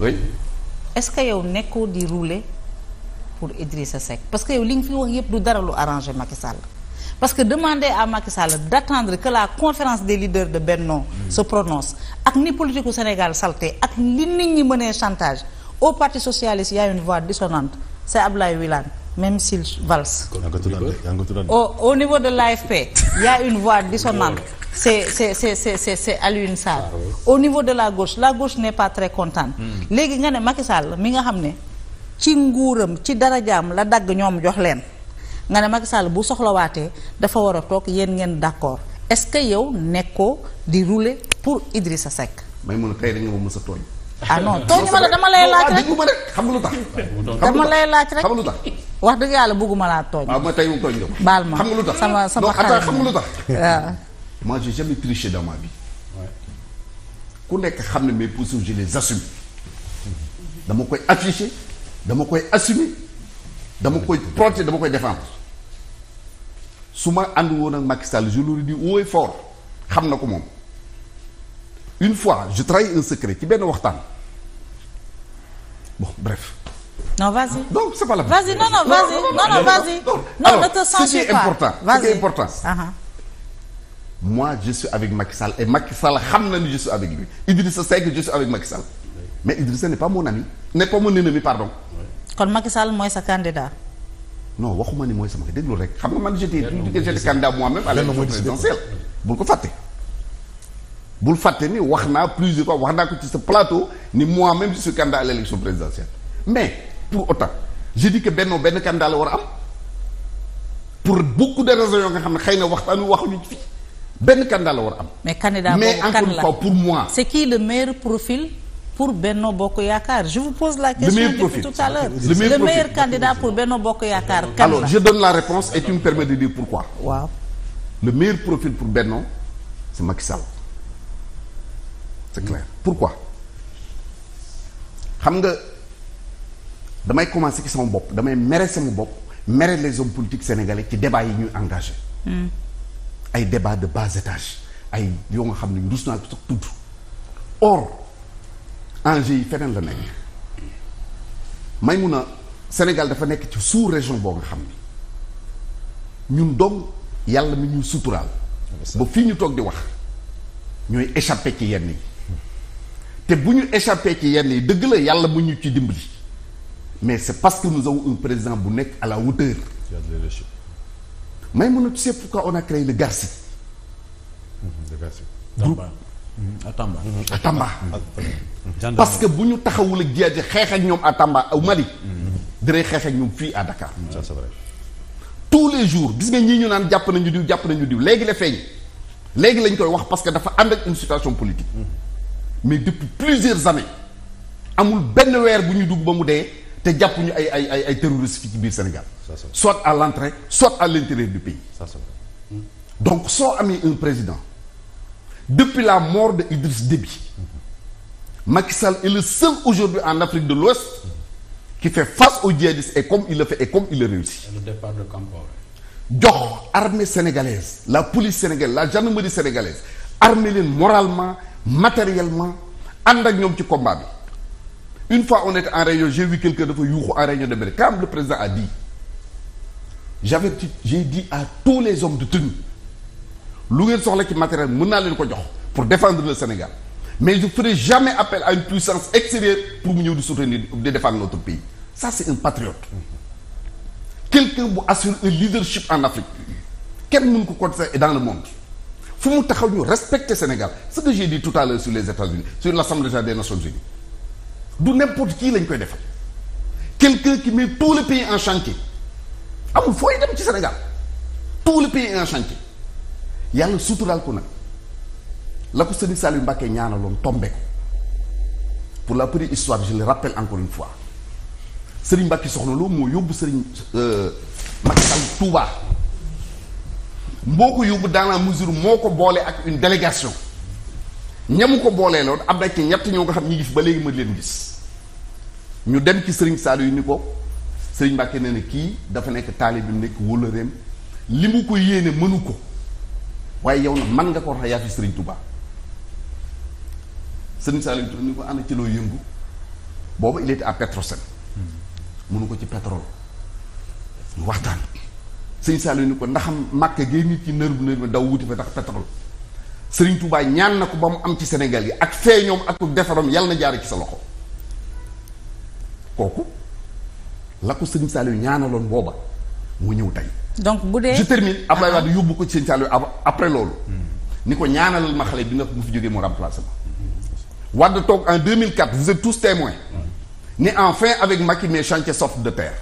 oui. est-ce que yow nekkoo di rouler pour Idrissa Seck parce que yow li nga fi wax yëpp du dara lu arrangé Macky Sall parce que demander à Macky Sall d'attendre que la conférence des leaders de Benno mm. se prononce ak ni politique u Sénégal salté ak li nit ñi mënee chantage au parti socialiste y a une voix dissonante c'est Ablaye Wilane même s'il valse au, au niveau de l'AFP y a une voix dissonante c'est c'est c'est c'est c'est Alioune ah au niveau de la gauche la gauche n'est pas très hmm. léegi nga ne Macky Sall mi nga xam ne ci nguuram ci darajaam la dagg ñoom jox leen nga ne Macky Sall bu soxlawaatee dafa war a toog yéen ngeen d'accord est-ce que yow nekkoo di rouler pour Idrissa sa may mun a tey dañ nga ma mës a tooñ ah non ma la dama lay laaj rek wax dëgg yàlla bëgguma laa tooñ waaw ah, baal ma xam nga lu tax sama sama xarit xam nga lu tax moi j'ai jamais triché dans ma ku nekk xam ne mes positions les assume dama koy afficher dama koy assumer dama koy protéger dama koy défendre su ma ànd woon ak Macky Sall je l'aurais dit haut et xam na ko moom une fois je trahis un secret ci benn waxtaan bon bref. non vas-y donc c'est pas la. vas-y non non vas-y non non vas-y non ne te censure pas ce qui est important ce qui est important. Uh-huh. mois je suis avec Macky Sall et Macky Sall xam na ni je suis avec lui Idrissa Seck je suis avec Macky Sall mais Idrissa n'est pas mon ami n'est pas mon ennemi pardon. kon Macky Sall mooy sa candidat. non waxuma ni mooy sama déglu rek xam nga man j'étais j'étais candidat moi-même à présidentielle bul ko fàtte. bul fàtte ni wax naa plusieurs fois wax naa ko ci sa plateau ni mois même je suis candidat à l'élection présidentielle mais pour autant je dis que benn benn candidat la war am pour beaucoup de raisons nga xam ne xëy na waxtaan wi waxuñu fii. benn candidat la war a am. mais candidat boobu kan la mais encore une pour moi. c'est qui le meilleur profil pour Benno Bokk Yaakaar je vous pose la question. le meilleur profil depuis tout le meilleur, le pour Benno Bokk Yaakaar. kan la alors je donne la réponse et tu me permets de dire pourquoi. waaw le meilleur profil pour Benno c'est Macky Sall c'est clair xam nga damay commencer ci sama bopp damay mere sama bopp mere les hommes politiques sénégalais ci débat yi ñuy engagé. Hmm. ay débat de bas étage ay yoo nga xam ne ñu rus naa sax tudd or enjeu yi feneen la nekk may mun a Sénégal dafa nekk ci sous région boo nga xam ne ñun doom yàlla mi ñu suturaal ba fii ñu toog di wax ñooy échappé ci yenn yi te bu ñu échappé ci yenn yi dëgg la yàlla mu ñu ci dimbali mais c'est parce que nous avons président bu nekk à la hauteur Maïmouna, tu sais pourquoi on a créé le GARSI le GARSI Tamba mm-hmm. à Tamba à Tamba mm-hmm. mm-hmm. parce que bu ñu taxawul ak jiyaat ji xeex ak ñoom à Tamba au Mali dinay xeex ak ñoom fii à Dakar ça tous les jours gis nga ñii ñu naan jàpp nañu diw jàpp nañu diw léegi la feeñ léegi lañ koy wax parce que dafa ànd ak une situation politique mais depuis plusieurs années amul benn weer bu ñuy dugg ba mu dee te jàpp ñu ay ay ay ay terroristes fii ci biir Sénégal. soit à l'entrée soit à l'intérieur du pays. Hmm? donc soo amee un président depuis la mort de Idriss Déby. Hmm. Macky Sall est le seul aujourd'hui en Afrique de l'Ouest qui fait face au djihadistes et comme il le fait et comme il le réussit. le départ de Compaoré. jox armée sénégalaise la police sénégalaise la gendarmerie leen moralement matériellement ànd ak ñoom ci combat bi. une fois on était en réunion j'ai vu quelqu'un dafa yuuxu en réunion de mairie quand le président a dit j'avais dit j'ai dit à tous les hommes de tenue lu ngeen soxla ci matériel mën naa leen ko jox pour défendre le Sénégal mais je ferai jamais appel à une puissance extérieure pour mu ñëw di soutenir di défendre notre pays ça c'est un patriote quelqu'un bu assure un leadership en Afrique kenn mënu ko contester dans le monde fu mu taxaw ñu respecter Sénégal ce que j'ai dit tout à l'heure sur les États-Unis sur l'Assemblée des Nations Unies du n'importe kii lañ koy defal quelqu'un ki met tout le pays en chantier amul fooy dem ci Sénégal tout le pays en chantier yàlla suturaal ko nag la ko Serigne Saliou Mbacké ñaanaloon tombe ko pour la première histoire je le rappelle encore une fois Serigne Mbacké soxna loo moo yóbbu Serigne euh, Macky Sall Touba moo ko yóbbu dans la mesure moo ko boole ak une délégation ñamu ko boolee loon am na ci ñett ñoo nga xam ñi ngi fi ba léegi ma leen gis ñu dem ci sëriñ Saliou yu ni ko sëriñ Mbàkke nee kii dafa nekk taalibi nekk wóllëreem li mu ko yéene mënu ko waaye yow nag man nga ko wax yaa sëriñ Touba sëriñ Saliou yu ni ko ana ci loo yëngu boobu il était à Petrosen mënu ko ci pétrole ñu waxtaan sëriñ Saliou ni ko ndax màkk gay nit ci nër bu nër bi daw wuti fa ndax pétrole Serigne Touba ñaan na ko ba mu am ci Sénégal yi ak feeñoom ak defaram yàlla na jaar ci sa loxo kooku la ko Serigne Saliou ñaanaloon booba mu ñëw tey. donc bu dee je termine Abdoulaye Wade ah. yóbbu ko ci Serigne Saliou après loolu. Hmm. ni ko ñaanalal ma xale bi nga mu fi jógee mu remplacé ma. Wade toog en 2004 vous êtes tous témoins. Hmm. ni enfin avec Macky mes chantiers sortent de terre.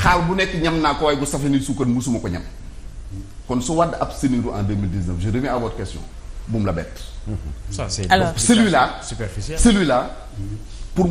xaal bu nekk ñam naa ko waaye bu safee ni suukar musuma ko ñam. kon su Wade abstenir en bu mu la bett. ça c'est celui-là superficiel celui-là pour